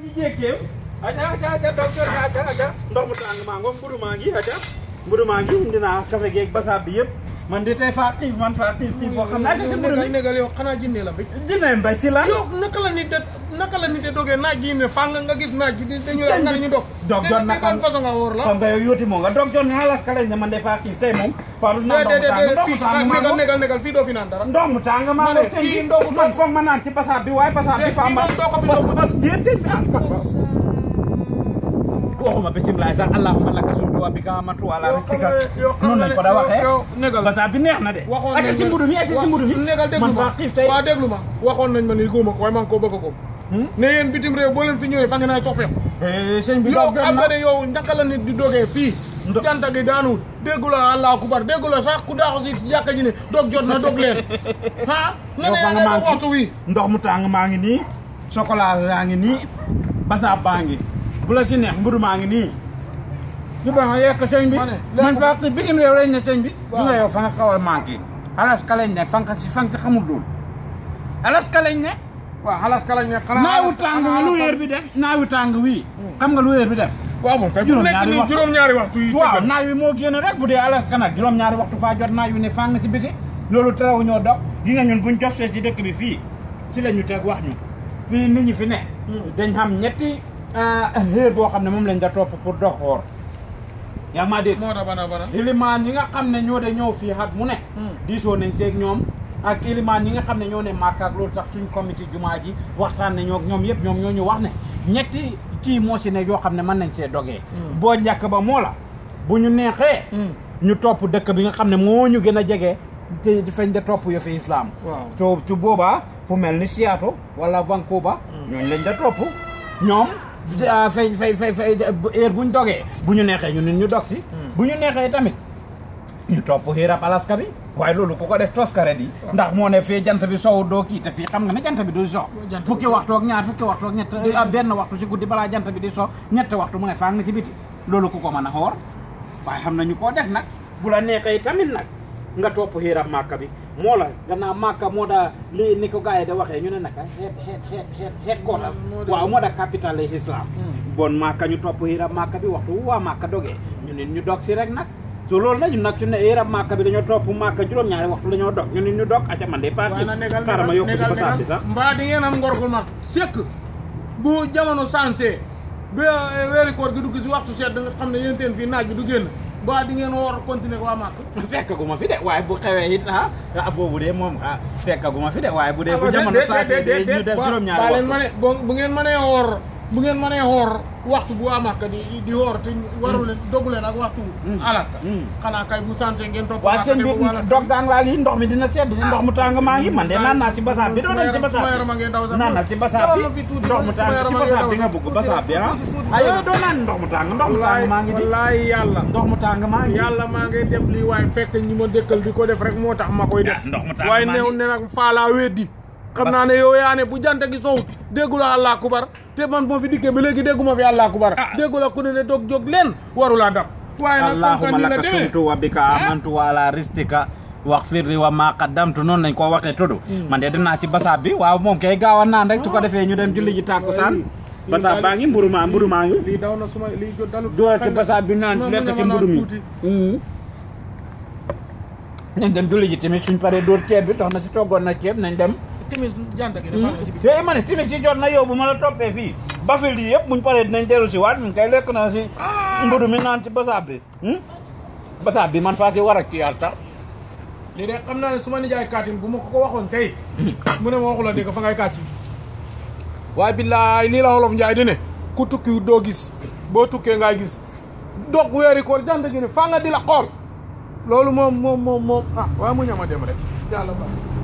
ngi jékkeem aja aja aja docteur aja aja ndox mu tàng maa ngoom mburu maa ngi aja mburu maa ngi naa kafe geeg basaab bi yëpp man de tey faa xiif man faa xiif xiif boo xam jinne la bi. jinne mbay ci la. yow naka la nit a dog jot na xam xam nga dog jot naa las kalañ de faa xiif tey moom. Faalu naa ndoxu tàng ndoxu fii ma naan ci basaab bi waaye basaab bi. faa ma déet sëñ waxuma mau sax allahumma laka sumtu wa bika ala rabbika noonu lañ ko da waxee basa na de ak ci mi ak ci mi man fa xif eh? wa déglu ma waxoon nañ ma ni góoma ko waaye ko bëgg ko ne yéen bitim réew boo leen fi ñëwee fa ngeen ay soppeeku sëñ bi yow yow nit di gi allah sax ku ji ne dog jot na dog leen ah nga ne yaa waxtu wi ndox mu tàng maa ngi chocolat yaa bu la si neex mburu maa ngi nii du ba nga yekk sëñ bi man fàq bitim réew lañ ne sëñ bi du nga yow fa nga xaw a manqué alaska lañ ne fanka si fanka xamul loolu alaska lañ ne waaw alaska lañ ne xanaa naawu tàng wi lu yër bi def naawu tàng wii xam nga lu yër bi def waaw moom kay fu nekk nii juróom-ñaari waxtu yi waaw naaj wi moo génn rek bu dee alaska nag juróom-ñaari waxtu faa jot naaj wi ne fàng si biti loolu teraw ñoo dog gi nga ñun buñ josee si dëkk bi fii ci la ñu wax ñu fii nit ñi fi ne hmm. dañ xam ñetti Ah, heure boo xam ne moom lañ da topp pour dox woor yaa maa dégg moo tax bana yi nga xam ne ñoo de ñëw fii xat mu ne hmm. diisoo nañ seeg ñoom ak ilimaan yi nga xam ne ñoo ne màkk ak loolu tax suñ comité jumaa ji waxtaan ne ñoom yëpp ñoom ñoo ñu wax ne ñetti kii moo si ne yoo xam ne mën nañ see dogee hmm. boo njàkk ba moo la bu ñu neexee hmm. ñu topp dëkk bi nga xam ne moo ñu gën a jege te di fañ da topp yo fi islaam to tu boobaa fu mel ni Seattle wala Vancouver ñooñu lañ da topp ñoom Ah, fay fay fay fay heure bu ñu dogee bu ñu neexee ñu nit ñu dog si hmm. bu ñu neexee tamit ñu topp xiirab alaska bi waaye loolu ku ko def toskare yi ndax moo ne fee jant bi sow doo kii te fii xam nga ni jant bi du so fukki waxtu ak ñaar fukki waxtu ak ñett ah, benn waxtu ci guddi balaa jant bi di so ñetti waxtu mu ne faa nga ci biti loolu ku ko mën a xoor waaye xam nañu koo def nag bu la neexee tamit nag nga topp xiiram màkka bi moo la gannaaw màkka moo da li ni ko gars yi da waxee ñu ne naka head head head head quarters waaw moo da capital islam hmm. bon màkka ñu topp xiiram màkka bi waxtu waa màkka dogee ñu nit ñu dog si rek nag so loolu na ñun nag su ne xiiram màkka bi dañoo topp màkka juróom-ñaari waxtu la ñoo dog ñu nit ñu dog aca man de parti xaaral ma yokk si basaab bi sax mbaa di ngeen am ngor gu mag sëkk bu jamono sansee ba eh, weeri koor gi dugg si waxtu seet xam ne yéen teen bi du génn ba di ngeen war a continuer waa Màkk. fekk gu ma fi de waaye bu xewee it ah ah boobu de moom ah fekk gu ma fi de waaye bu dee. bu jamono saa de ñu def juróom-ñaari waxtu bu ngeen mënee woor. bu ngeen hor xoor waxtu bu amaka di di hor te waru len dogu len ak waxtu hmm. alaka hmm. xanaa kay bu sansé ngeen top waa bi dog gaa ndox mi dina sedd ndox mu tàng ma ngi man de nan na ci basaab bi doon ci basaab nan na ci basaab bi ndox mu tàng ci basaab bi nga bëgg basaab bi ah ayo do nan ndox mu tàng ndox mu tàng ma ngi di wallahi yalla ndox mu tàng ma ngi yàlla maa ngi def li way fekk ñi ma dëkkal def rek motax makoy ya, def way neew ne nag faalaa weddi xamna ne yo yaane bu jante gi sow déggula allah Kubar te man mo fi dikke be legi dégguma fi allah Kubar ah. déggula ko ne dog dog len waru la dab waaye nag allahuma laka sumtu wa bika ah. amantu wa ala ristika wa firri wa ma qaddamtu non nagn ko waxe tudu hmm. man de dinaa ci basaab bi waaw moom kay gaaw nan rek tuko ko ah. ñu dem julli ji takusan basa bangi ngi mburu maa mburu maa ngi lii daw na suma dalu do ci basa bi nan nek ci mburu mi hmm. nañ dem dulli ji timi suñ paré door ceeb bi ci togon na ciéb nañ dem timis jant gi dafa hmm? ci biir. Eh, ma ne timis ci jot na yow bu ma la toppee fii bafil yi yëpp buñ paree dinañ dellu si waat mu kay lekk naa si ah! mbudu mi naan ci basaab bi hmm? basaab bi man faa si war ak ci yàlla tax lii de xam naa ne su ma nijaay kaatin bu ma ko ko waxoon tey hmm. mu ne ma waxu la dégg fa ngay kàcci waaye billaay lii la wolof njaay di ne ku tukki doo gis boo tukkee ngay gis dox weeri koor jant gi ne faa nga di la xool loolu moom moom moom ah waaye mu ñama dem rek yàlla baax